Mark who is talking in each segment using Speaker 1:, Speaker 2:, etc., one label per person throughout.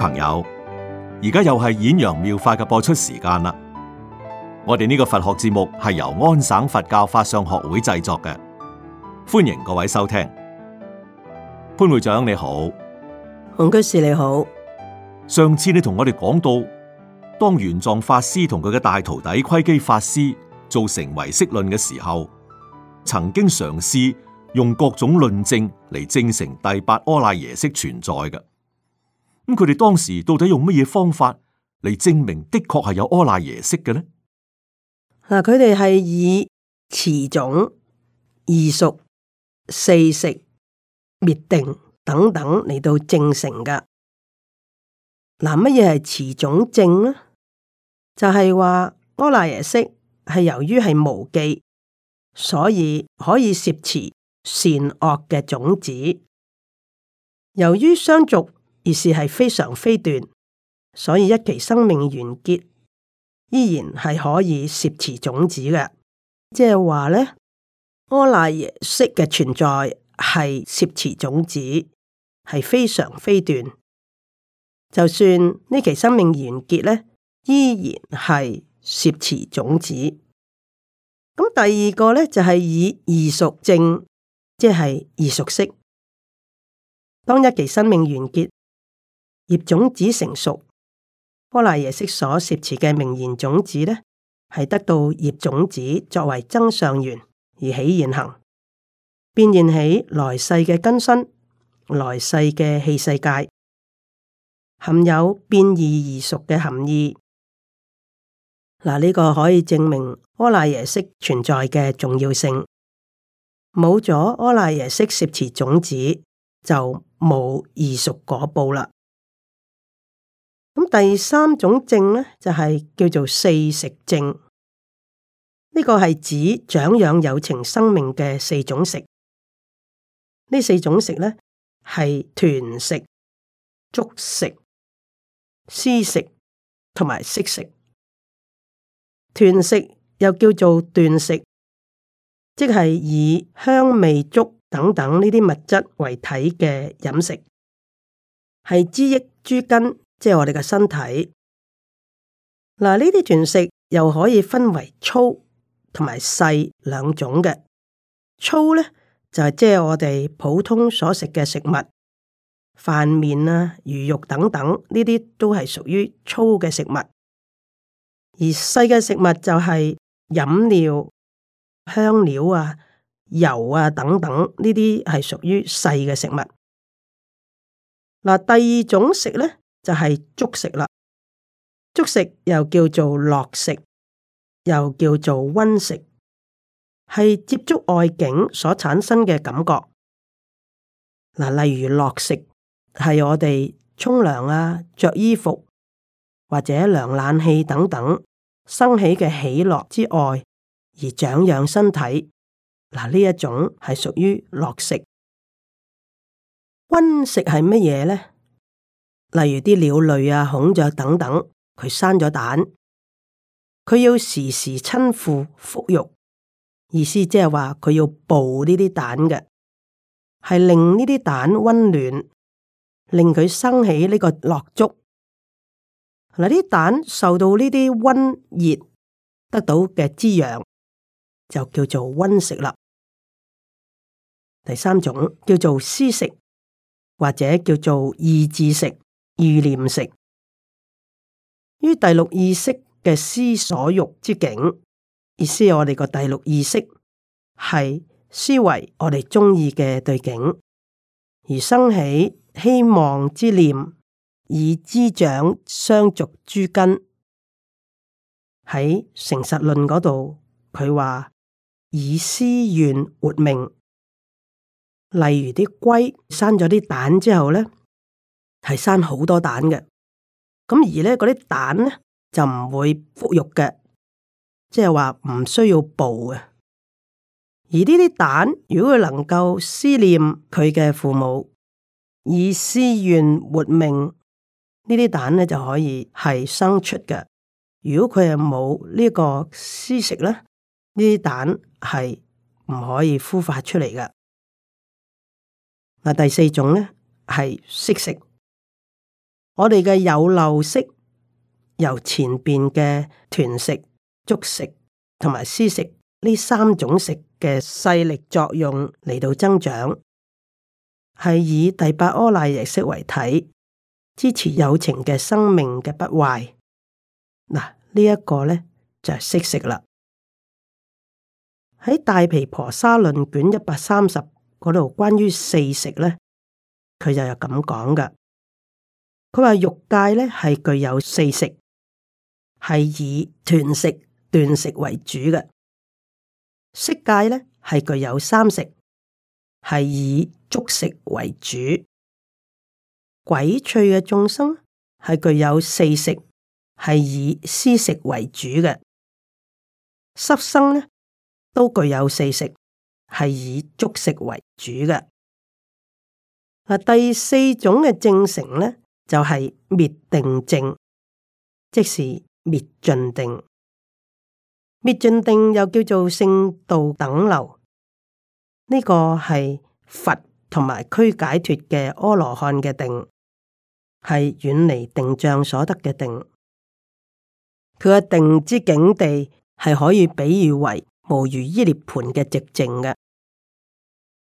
Speaker 1: 朋友，而家又係《演揚妙法》嘅播出時間啦！我哋呢個佛學節目係由安省佛教法相學會製作嘅，歡迎各位收聽。潘會長你好，洪居士你好。上次你同我哋講到，當玄奘法師同佢嘅大徒弟窺基法師做成《唯識論》嘅時候，曾經嘗試用各種論證嚟證成第八阿賴耶識存在嘅。咁佢哋當時到底用乜嘢方法嚟證明的確係有阿賴耶識嘅呢？
Speaker 2: 嗱，佢哋係以持種、異熟、四食、滅定等等嚟到證成嘅。嗱，乜嘢係持種證咧？就係、是、話阿賴耶識係由於係無記，所以可以攝持善惡嘅種子。由於相續。而是係非常非斷，所以一期生命完結依然係可以攝持種子嘅。即係話咧，阿賴耶識嘅存在係攝持種子，係非常非斷，就算呢期生命完結咧，依然係攝持種子。咁第二個咧就係、是、以異熟證，即係異熟識，當一期生命完結。業種子成熟，阿賴耶識所攝持嘅名言種子呢，係得到業種子作為增上緣而起現行，變現起來世嘅根身、來世嘅器世界，含有變異而熟嘅含義。嗱，呢個可以證明阿賴耶識存在嘅重要性。冇咗阿賴耶識攝持種子，就冇異熟果報啦。咁第三種證咧，就係、是、叫做四食證。呢、這個係指長養有情生命嘅四種食。呢四種食咧，係豚食、竹食、施食同埋色食。豚食又叫做斷食，即係以香味足等等呢啲物質為體嘅飲食，係滋益諸根。即係我哋嘅身體，嗱，呢啲段食又可以分為粗同埋細兩種嘅。粗呢，就係即係我哋普通所食嘅食物，飯麵啊、魚肉等等呢啲都係屬於粗嘅食物。而細嘅食物就係飲料、香料啊、油啊等等呢啲係屬於細嘅食物。嗱，第二種食呢。就係足食啦，足食又叫做樂食，又叫做溫食，係接觸外境所產生嘅感覺。嗱，例如樂食係我哋沖涼啊、着衣服或者涼冷氣等等生起嘅喜樂之外，而長養身體。嗱，呢一種係屬於樂食。溫食係乜嘢咧？例如啲鳥類啊、孔雀等等，佢生咗蛋，佢要時時親父孵育，意思即係話佢要抱呢啲蛋嘅，係令呢啲蛋溫暖，令佢生起呢個落足。嗱，啲蛋受到呢啲溫熱，得到嘅滋養，就叫做溫食啦。第三種叫做思食，或者叫做意志食。意念食於第六意識嘅思所欲之境，意思係我哋個第六意識係思維我哋中意嘅對境，而生起希望之念，以滋長相續諸根。喺成實論嗰度，佢話以思願活命，例如啲龜生咗啲蛋之後咧。係生好多蛋嘅。咁而呢嗰啲蛋呢，就唔會孵育嘅，即係話唔需要捕嘅。而呢啲蛋如果佢能夠思念佢嘅父母，以思願活命，呢啲蛋呢就可以係生出嘅。如果佢係冇呢個思食咧，呢啲蛋係唔可以孵化出嚟嘅。嗱，第四種咧係識食。我哋嘅有漏識，由前邊嘅團食、觸食同埋思食呢三種食嘅勢力作用嚟到增長，係以第八阿賴耶識為體，支持有情嘅生命嘅不壞。嗱，這個、呢一個咧就係、是、識食啦。喺大毗婆沙論卷一百三十嗰度，關於四食咧，佢就有咁講噶。佢話欲界咧係具有四食，係以斷食斷食為主嘅；色界咧係具有三食，係以觸食為主；鬼趣嘅眾生係具有四食，係以思食為主嘅；濕生呢都具有四食，係以觸食為主嘅。啊，第四種嘅證成呢？就係滅定境，即是滅盡定。滅盡定又叫做聖道等流，呢、這個係佛同埋俱解脫嘅阿羅漢嘅定，係遠離定障所得嘅定。佢嘅定之境地係可以比喻為無餘依涅槃嘅寂靜嘅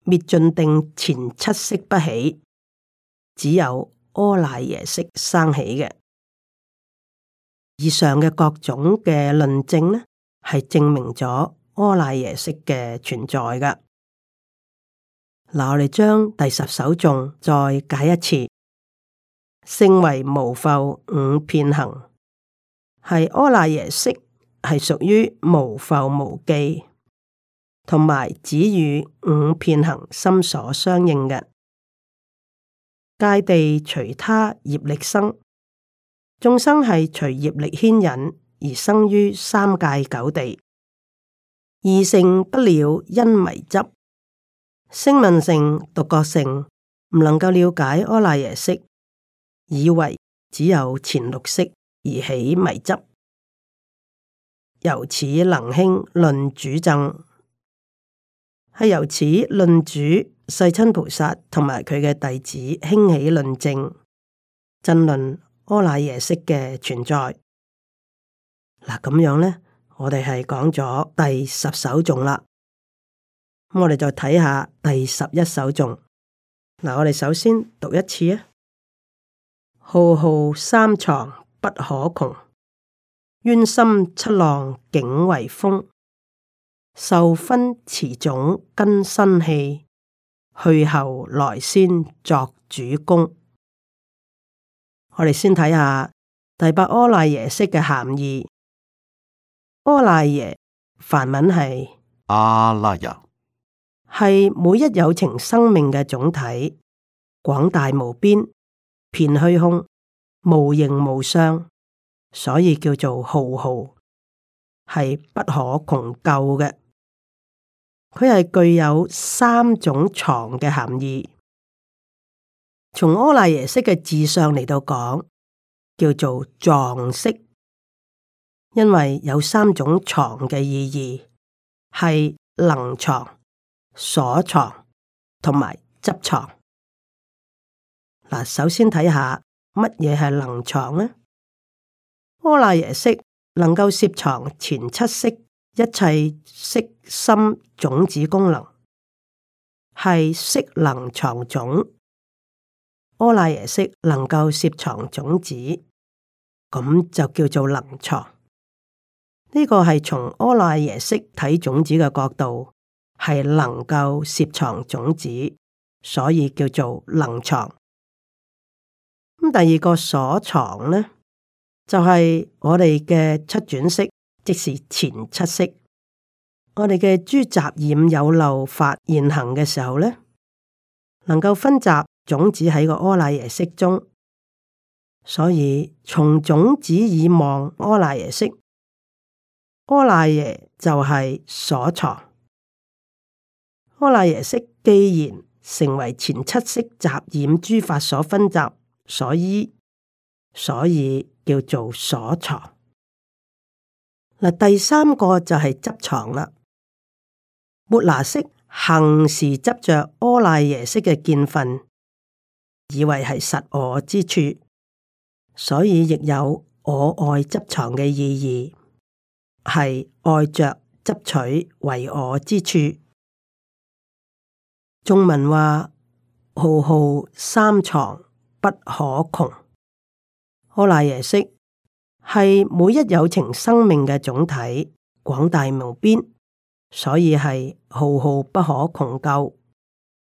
Speaker 2: 滅盡定，前七識不起，只有。阿賴耶識生起嘅。以上嘅各種嘅論證呢，係證明咗阿賴耶識嘅存在噶。嗱，我哋將第十首頌再解一次，稱為無覆五遍行，係阿賴耶識係屬於無覆無記，同埋只與五遍行心所相應嘅。界地隨他業力生，眾生係隨業力牽引而生於三界九地，二乘不了因迷執，聲聞性、獨覺性唔能夠了解阿賴耶識，以為只有前六識而起迷執，由此能興論主諍，係由此論主。世親菩薩同埋佢嘅弟子興起論證、爭論阿賴耶識嘅存在。嗱，咁樣咧，我哋係講咗第十首頌啦。咁我哋再睇下第十一首頌。嗱，我哋首先讀一次啊！浩浩三藏不可窮，淵深七浪境為風，受分持種根身器。去後來先作主公，我哋先睇下第八阿賴耶識嘅含義。阿賴耶梵文係
Speaker 1: 阿拉耶，
Speaker 2: 係每一有情生命嘅總體，廣大無邊，遍虛空，無形無相，所以叫做浩浩，係不可窮究嘅。佢係具有三種藏嘅含義，從阿賴耶識嘅自相嚟到講，叫做藏識，因為有三種藏嘅意義，係能藏、所藏同埋執藏。嗱，首先睇下乜嘢係能藏呢？阿賴耶識能夠攝藏前七識。一切色心種子功能係識能藏種，阿賴耶識能夠攝藏種子，咁就叫做能藏。呢、這個係從阿賴耶識睇種子嘅角度，係能夠攝藏種子，所以叫做能藏。咁第二個所藏呢，就係、是、我哋嘅七轉識。即是前七識，我哋嘅諸雜染有漏法現行嘅時候呢，能夠分集種子喺個阿賴耶識中，所以從種子以望阿賴耶識，阿賴耶就係所藏。阿賴耶識既然成為前七識雜染諸法所分集所依，所以叫做所藏。第三個就係執藏啦，末那識行時執着阿賴耶識嘅見分，以為係實我之處，所以亦有我愛執藏嘅意義，係愛着執取為我之處。中文話浩浩三藏不可窮，阿賴耶識係每一有情生命嘅總體，廣大無邊，所以係浩浩不可窮究，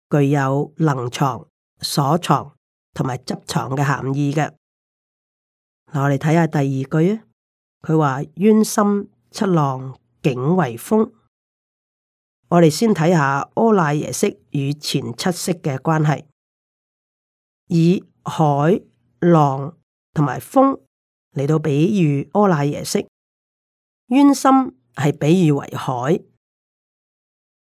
Speaker 2: 具有能藏、所藏同埋執藏嘅含義嘅。嗱，我哋睇下第二句啊，佢話淵深七浪，境為風。我哋先睇下阿賴耶識與前七識嘅關係，以海浪同埋風。嚟到比喻阿賴耶識，淵深係比喻為海。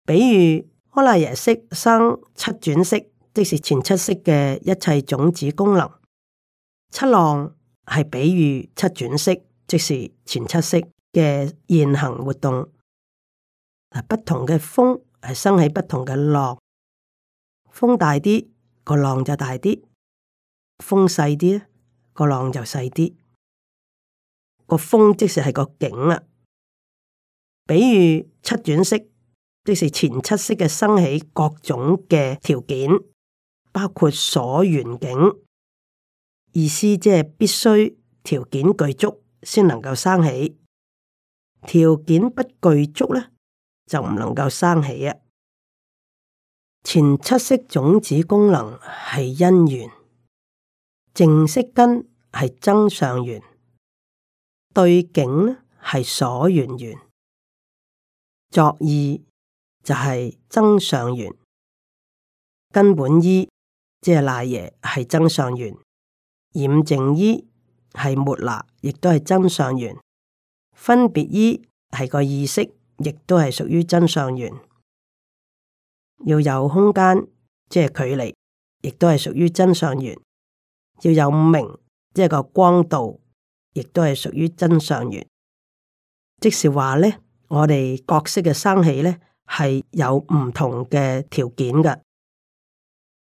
Speaker 2: 比喻阿賴耶識生七轉識，即是前七識嘅一切種子功能。七浪係比喻七轉識，即是前七識嘅現行活動。不同嘅風係生起不同嘅浪，風大啲個浪就大啲，風細啲個浪就細啲。個風即是係個境啦、啊，比如七轉識，即是前七識嘅生起各種嘅條件，包括所緣境，意思即係必須條件具足先能夠生起，條件不具足呢，就唔能夠生起啊。前七識種子功能係因緣，淨色根係增上緣。對境咧係所緣緣，作意就係增上緣，根本依即係賴耶係增上緣，染淨依係末那亦都係增上緣，分別依係個意識亦都係屬於增上緣，要有空間即係距離，亦都係屬於增上緣，要有明即係個光度。亦都係屬於真相緣，即是話咧，我哋各識嘅生起咧係有唔同嘅條件噶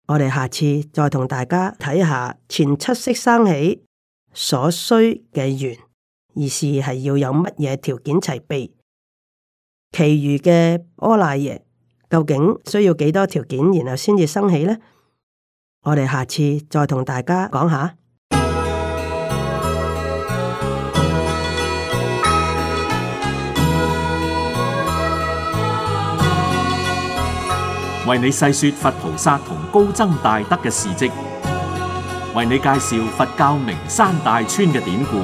Speaker 2: 我哋下次再同大家睇下前七識生起所需嘅緣，而是係要有乜嘢條件齊備，其餘嘅阿賴耶究竟需要幾多條件，然後先至生起咧？我哋下次再同大家講下。
Speaker 1: 為你細說佛菩薩同高僧大德嘅事跡，為你介紹佛教名山大川嘅典故，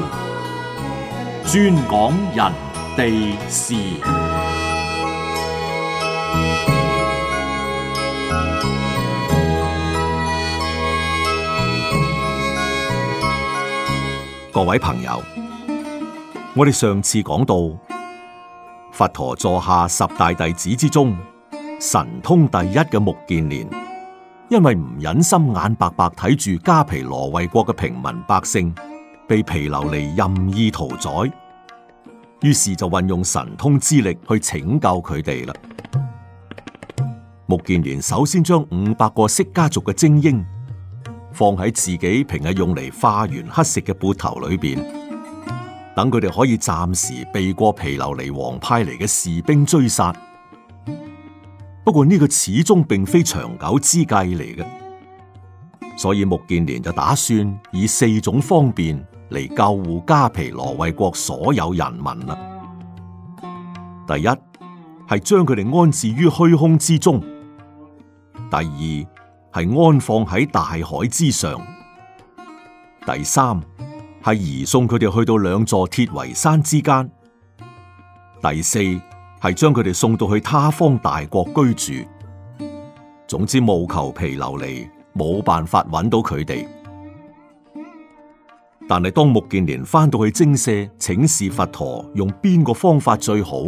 Speaker 1: 專講人地事。各位朋友，我哋上次講到，佛陀座下十大弟子之中，神通第一嘅目犍連，因為唔忍心眼白白睇住迦毗羅衛國嘅平民百姓被毗琉璃任意屠宰，於是就運用神通之力去拯救佢哋啦。目犍連首先將五百個釋迦族嘅精英放喺自己平日用嚟化緣乞食嘅缽頭裏邊，等佢哋可以暫時避過毗琉璃王派嚟嘅士兵追殺。不過呢個始終並非長久之計嚟嘅，所以目犍連就打算以四種方便嚟救護迦毗羅衛國所有人民啦。第一係將佢哋安置於虛空之中；第二係安放喺大海之上；第三係移送佢哋去到兩座鐵圍山之間；第四。係將佢哋送到去他方大國居住。總之務求毗琉璃，冇辦法揾到佢哋。但係當目犍連翻到去精舍，請示佛陀用邊個方法最好？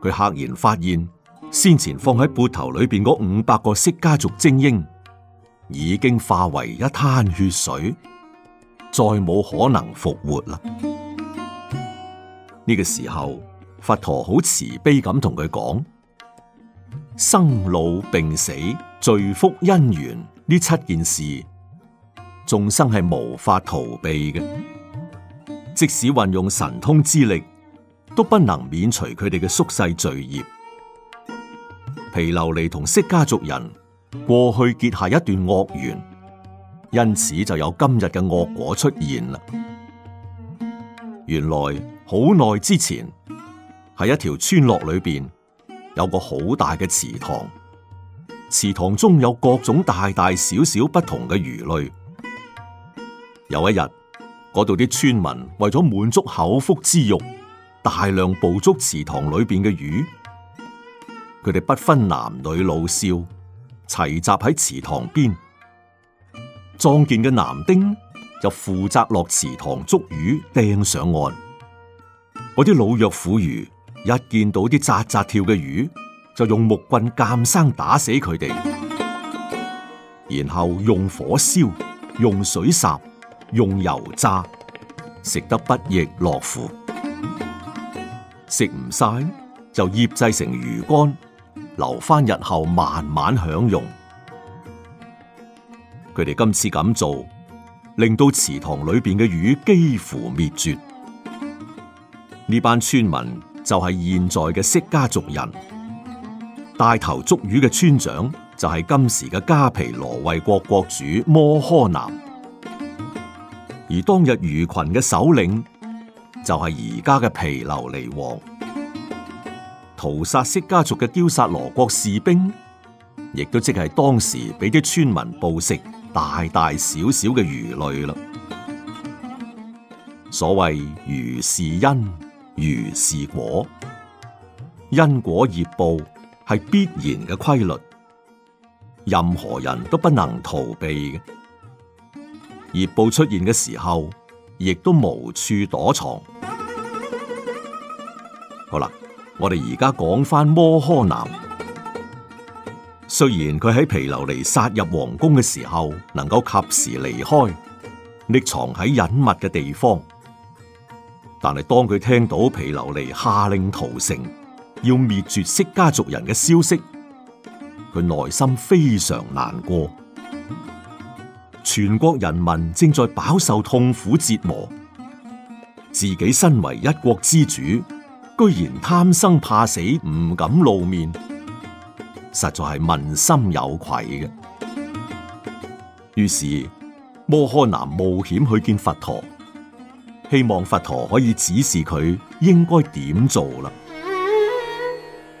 Speaker 1: 佢赫然發現，先前放喺鉢頭裏邊嗰五百個釋迦族精英，已經化為一灘血水，再冇可能復活啦。呢個時候。佛陀好慈悲咁同佢講，生老病死、罪福因緣呢七件事，眾生係無法逃避嘅。即使運用神通之力，都不能免除佢哋嘅宿世罪孽。毗琉璃同釋迦族人過去結下一段惡緣，因此就有今日嘅惡果出現啦。原來好耐之前。喺一條村落裏邊，有個好大嘅池塘。池塘中有各種大大小小不同嘅魚類。有一日，嗰度啲村民為咗滿足口腹之欲，大量捕捉池塘裏邊嘅魚。佢哋不分男女老少，齊集喺池塘邊。壯健嘅男丁就負責落池塘捉魚，掟上岸。嗰啲老弱婦孺。一見到啲扎扎跳嘅魚，就用木棍監生打死佢哋，然後用火燒、用水殺、用油炸，食得不亦樂乎。食唔晒就醃製成魚乾，留翻，日後慢慢享用。佢哋今次咁做，令到池塘裏邊嘅魚幾乎滅絕。呢班村民。就係現在嘅釋迦族人，帶頭捉魚嘅村長就係、是、今時嘅迦毗羅衛國國主摩訶男，而當日魚群嘅首領就係而家嘅毗琉璃王，屠殺釋迦族嘅憍薩羅國士兵，亦都即係當時俾啲村民捕食大大小小嘅魚類啦。所謂如是因。如是果，因果業報係必然嘅規律，任何人都不能逃避嘅。業報出現嘅時候，亦都無處躲藏。好啦，我哋而家講翻摩訶男。雖然佢喺毗琉璃殺入皇宮嘅時候，能夠及時離開，匿藏喺隱密嘅地方。但係當佢聽到毗琉璃下令屠城，要滅絕釋迦族人嘅消息，佢內心非常難過。全國人民正在飽受痛苦折磨，自己身為一國之主，居然貪生怕死，唔敢露面，實在係問心有愧嘅。於是摩訶男冒險去見佛陀。希望佛陀可以指示佢應該點做啦。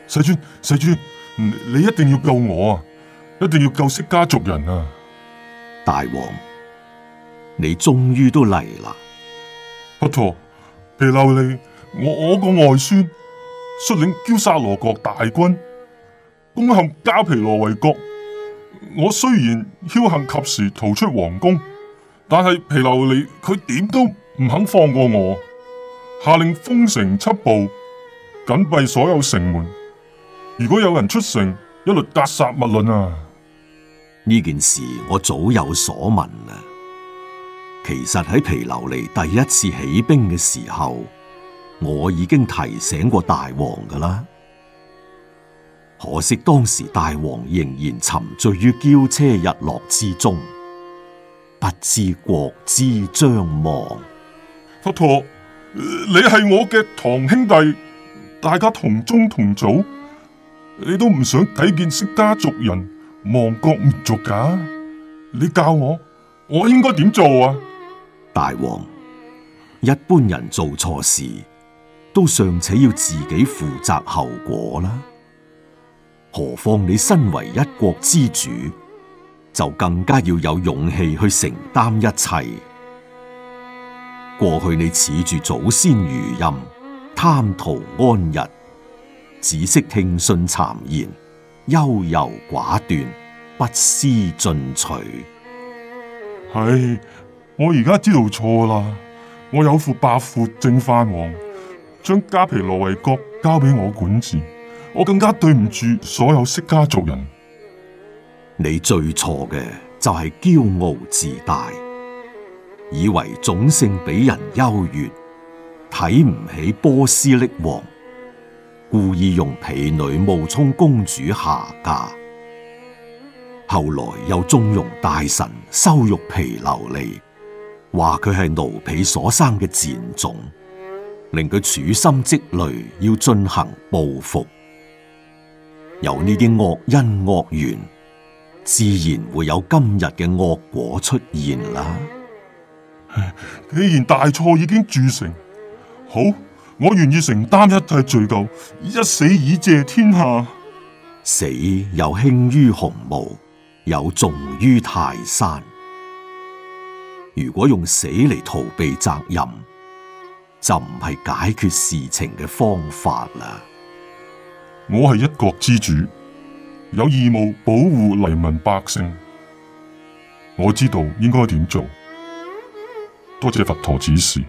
Speaker 1: 世尊，世尊，你一定要救我啊！一定要救釋迦族人啊！大王，你終於都嚟啦，佛陀，毗琉璃，我我個外孫率領憍薩羅國大軍攻陷迦毗羅衛國。我雖然僥倖及時逃出皇宮，但係毗琉璃佢點都唔肯放過我，下令封城七步，緊閉所有城門。如果有人出城，一律格殺勿論啊！呢件事我早有所聞啊。其實喺毗琉璃第一次起兵嘅時候，我已經提醒過大王㗎啦。可惜當時大王仍然沉醉於驕車日落之中，不知國之將亡。不托，你係我嘅堂兄弟，大家同宗同祖，你都唔想睇見失家族人亡國滅族噶？你教我，我應該點做啊？大王，一般人做錯事都尚且要自己負責後果啦，何況你身為一國之主，就更加要有勇氣去承擔一切。過去你恃住祖先餘蔭，貪圖安逸，只識聽信讒言，優柔寡斷，不思進取。係我而家知道錯啦！我有負伯父淨飯王，將迦毗羅衛國交俾我管治，我更加對唔住所有釋迦族人。你最錯嘅就係驕傲自大。以為種姓比人優越，睇唔起波斯匿王，故意用婢女冒充公主下嫁。後來又縱容大臣羞辱毗琉璃，話佢係奴婢所生嘅賤種，令佢處心積慮要進行報復。由呢啲惡因惡緣，自然會有今日嘅惡果出現啦。既然大錯已經鑄成，好，我願意承擔一切罪咎，一死以謝天下。死有輕於鴻毛，有重於泰山。如果用死嚟逃避責任，就唔係解決事情嘅方法啦。我係一國之主，有義務保護黎民百姓。我知道應該點做。多謝佛陀指示。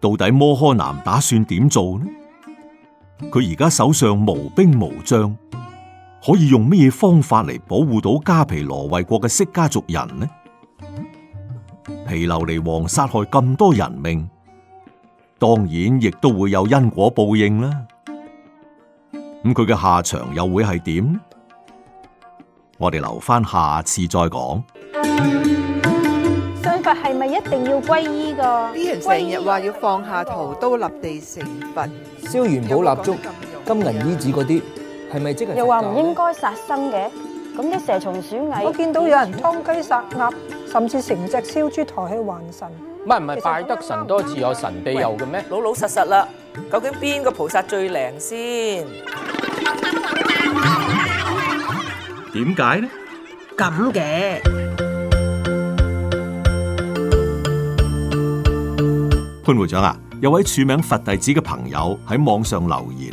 Speaker 1: 到底摩訶男打算點做呢？佢而家手上無兵無將，可以用咩方法嚟保護到加皮羅衛國嘅釋家族人呢？毗琉璃王殺害咁多人命，當然亦都會有因果報應啦。咁佢嘅下場又會係點？我哋留翻下次再講。係咪一定要皈依噶？啲人成日話要放下屠刀立地成佛，燒元寶蠟燭、金銀衣紙嗰啲，係咪即係？又話唔應該殺生嘅，咁啲蛇蟲
Speaker 2: 鼠蟻，我見到有人劏雞殺鴨，甚至成隻燒豬抬去還神。
Speaker 1: 唔係唔係，拜得神多自有神庇佑嘅咩？老老實實啦，究竟邊個菩薩最靈先？點解呢？
Speaker 2: 咁嘅。
Speaker 1: 潘會長啊，有位署名佛弟子嘅朋友喺網上留言，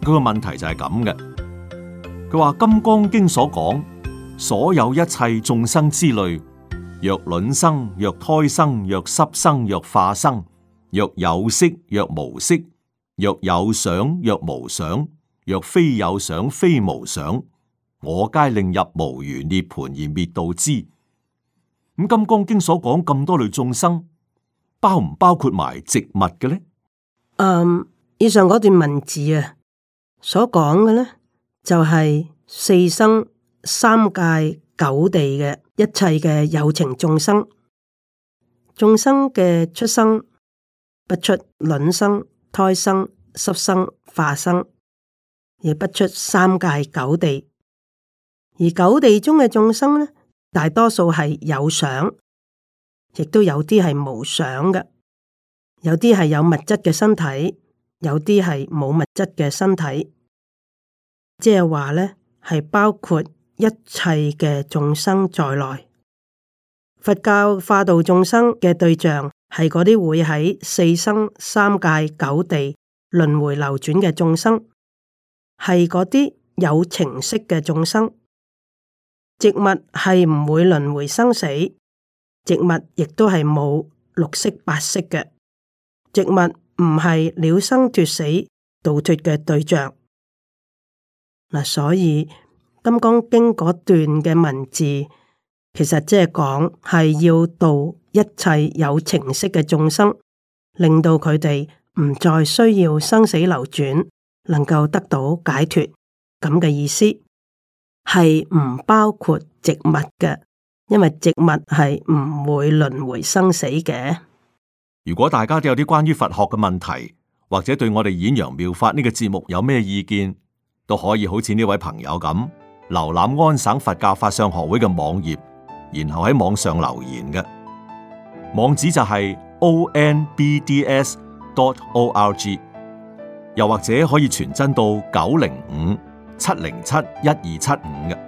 Speaker 1: 佢個問題就係咁嘅。佢話《金剛經》所講，所有一切眾生之類，若卵生，若胎生，若濕生，生，若化生，若有色，若無色，若有想，若無想，若非有想非無想，我皆令入無餘涅盤而滅度之。咁《金剛經》所講咁多類眾生。包唔包括埋植物嘅咧？嗯
Speaker 2: ，um, 以上嗰段文字啊，所講嘅咧，就係、是、四生三界九地嘅一切嘅有情眾生，眾生嘅出生不出卵生、胎生、濕生、化生，亦不出三界九地。而九地中嘅眾生咧，大多數係有想。亦都有啲係無想嘅，有啲係有物質嘅身體，有啲係冇物質嘅身體，即係話咧係包括一切嘅眾生在內。佛教化度眾生嘅對象係嗰啲會喺四生三界九地輪回流轉嘅眾生，係嗰啲有情識嘅眾生。植物係唔會輪回生死。植物亦都係冇綠色、白色嘅植物，唔係了生脱死、度脱嘅對象。嗱，所以《金剛經》嗰段嘅文字，其實即係講係要度一切有情色嘅眾生，令到佢哋唔再需要生死流轉，能夠得到解脫咁嘅意思，係唔包括植物嘅。因為植物係唔會輪迴生死嘅。
Speaker 1: 如果大家都有啲關於佛學嘅問題，或者對我哋演揚妙法呢個節目有咩意見，都可以好似呢位朋友咁瀏覽安省佛教法相學會嘅網頁，然後喺網上留言嘅網址就係 o n b d s dot o r g，又或者可以傳真到九零五七零七一二七五嘅。